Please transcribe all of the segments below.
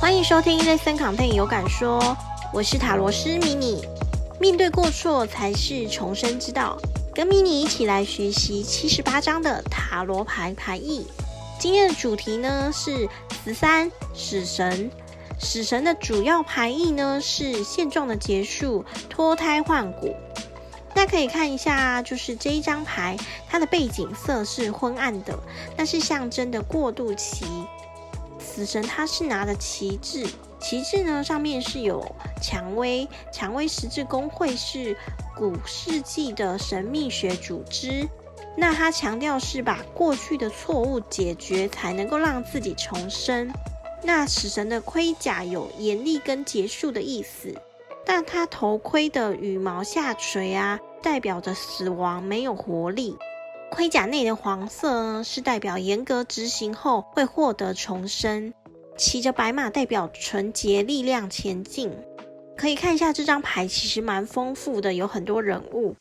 歡迎收聽 ListenContent 有感說，我是塔羅師迷你。面對過錯才是重生之道，跟迷你一起來學習七十八張的塔羅牌牌意。今天的主題呢是十三死神，死神的主要牌意呢是現狀的結束、脫胎換骨。大家可以看一下，就是這一張牌，它的背景色是昏暗的，那是象徵的過渡期。死神他是拿的旗幟，旗幟呢上面是有薔薇，薔薇十字工會是古世紀的神秘學組織。那他強調是把過去的錯誤解決，才能夠讓自己重生。那死神的盔甲有嚴厲跟結束的意思，但他頭盔的羽毛下垂啊，代表着死亡，沒有活力。盔甲內的黃色呢是代表嚴格執行後會獲得重生，騎着白馬代表純潔力量前進。可以看一下這張牌，其實蠻豐富的，有很多人物。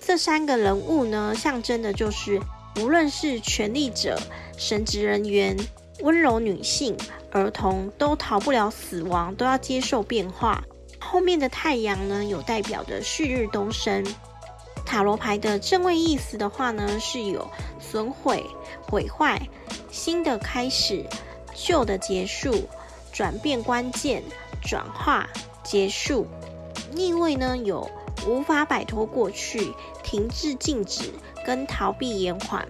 這三個人物呢，象徵的就是無論是權力者、神職人員、溫柔女性、兒童，都逃不了死亡，都要接受變化。後面的太陽呢，有代表着旭日東升。塔羅牌的正位意思的話呢，是有損毀、毀壞、新的開始、舊的結束、轉變關鍵、轉化、結束。逆位呢，有無法擺脫過去、停滯、靜止、跟逃避、延緩。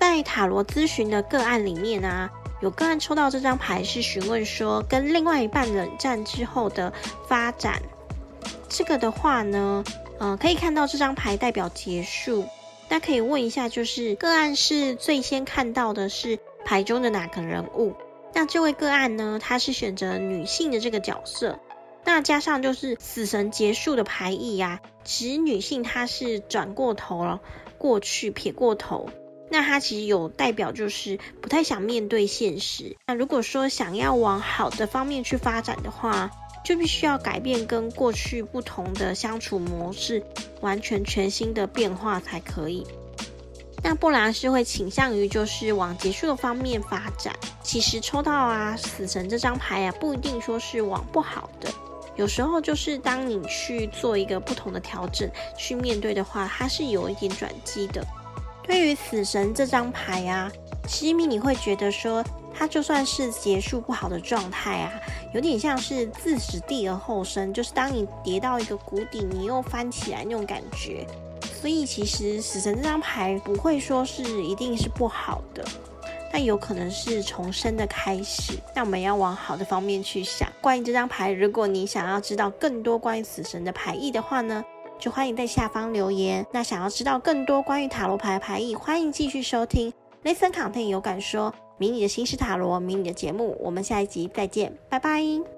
在塔羅諮詢的個案裡面啊，有個案抽到這張牌是詢問說跟另外一半冷戰之後的發展。這個的話呢，嗯、呃，可以看到這張牌代表結束。那可以問一下，就是個案是最先看到的是牌中的哪個人物？那這位個案呢，他是選擇女性的這個角色。那加上就是死神結束的牌意啊，其實女性她是轉過頭了，過去撇過頭。那她其實有代表就是不太想面對現實。那如果說想要往好的方面去發展的話，就必須要改變跟過去不同的相處模式，完全全新的變化才可以。那不然，是會傾向於就是往結束的方面發展。其實抽到啊死神這張牌啊，不一定說是往不好的。有時候就是當你去做一個不同的調整，去面對的話，它是有一點轉機的。對於死神這張牌啊，其實你會覺得說。它就算是結束不好的狀態啊，有點像是自食地而後生，就是當你跌到一個谷底，你又翻起來那種感覺。所以其實死神這張牌不會說是一定是不好的，但有可能是重生的開始。那我們要往好的方面去想。關於這張牌，如果你想要知道更多關於死神的牌意的話呢，就歡迎在下方留言。那想要知道更多關於塔羅牌的牌意，歡迎繼續收聽雷森 n t 有感說。迷你的新式塔羅，迷你的節目，我們下一集再見，拜拜。